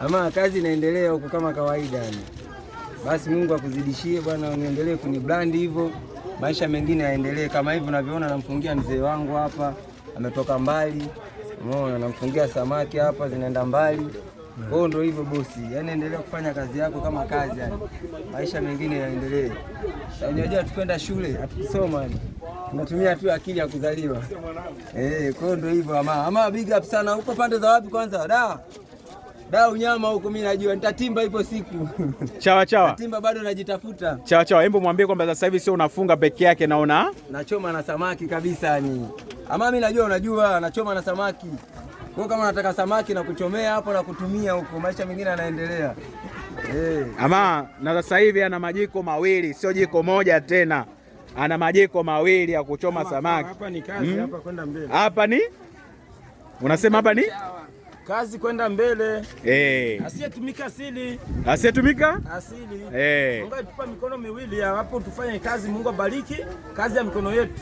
ama kazi inaendelea huku kama kawaida yani. Basi Mungu akuzidishie bwana, kuni brand hivyo, maisha mengine yaendelee kama hivyo. unavyoona. Namfungia mzee wangu hapa, ametoka mbali, umeona, namfungia samaki hapa, zinaenda mbali hiyo ndio hivyo bosi, yaani endelea kufanya kazi yako kama kazi yani. Maisha mengine yaendelee. Unajua tukwenda shule yani, tunatumia tu akili ya kuzaliwa eh, kwa hiyo ndio hivyo ama ama. Big up sana huko pande za wapi kwanza da da unyama huko, mimi najua nitatimba, hivyo siku chawa chawa. Timba bado najitafuta chawa chawa. Hebu mwambie kwamba sasa hivi sio unafunga peke yake, naona nachoma na samaki kabisa, ni ama mimi najua, unajua nachoma na samaki kwa kama nataka samaki na kuchomea hapo na kutumia huko, maisha mengine yanaendelea. Hey. Eh. Ama na sasa hivi ana majiko mawili, sio jiko moja tena, ana majiko mawili ya kuchoma samaki. Hapa ni kazi, hmm? hapa kwenda mbele. Hapa ni unasema hapa ni Kazi kwenda mbele. Eh. Asiyetumika asili. Asiyetumika asili. Eh. Mungu atupa mikono miwili hapo tufanye kazi, Mungu abariki kazi ya mikono yetu.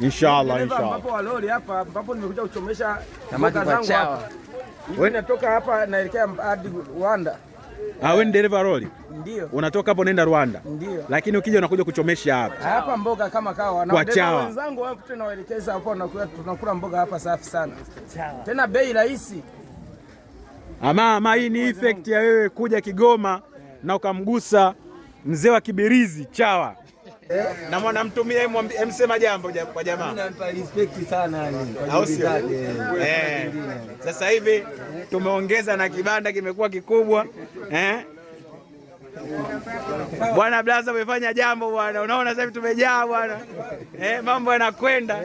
Inshallah, inshallah. Ambapo walori hapa ambapo nimekuja kuchomesha tamati kwa Wewe natoka hapa naelekea hadi Rwanda. Ah, wewe ni dereva lori? Ndio. Unatoka hapo unaenda Rwanda? Ndio. Lakini ukija unakuja kuchomesha hapa. Ah, hapa mboga kama kawa na Wenzangu wangu tena waelekeza hapo tunakula mboga hapa safi sana. Tena bei rahisi. Ama ah, ama hii ni effect ya wewe kuja Kigoma na ukamgusa mzee wa Kibirizi chawa. Eh. na mtumia eh, msema jambo kwa jamaa, sana eh, sasa hivi tumeongeza na kibanda kimekuwa kikubwa eh. Bwana Blaza umefanya jambo bwana, unaona sasa hivi tumejaa bwana eh, mambo yanakwenda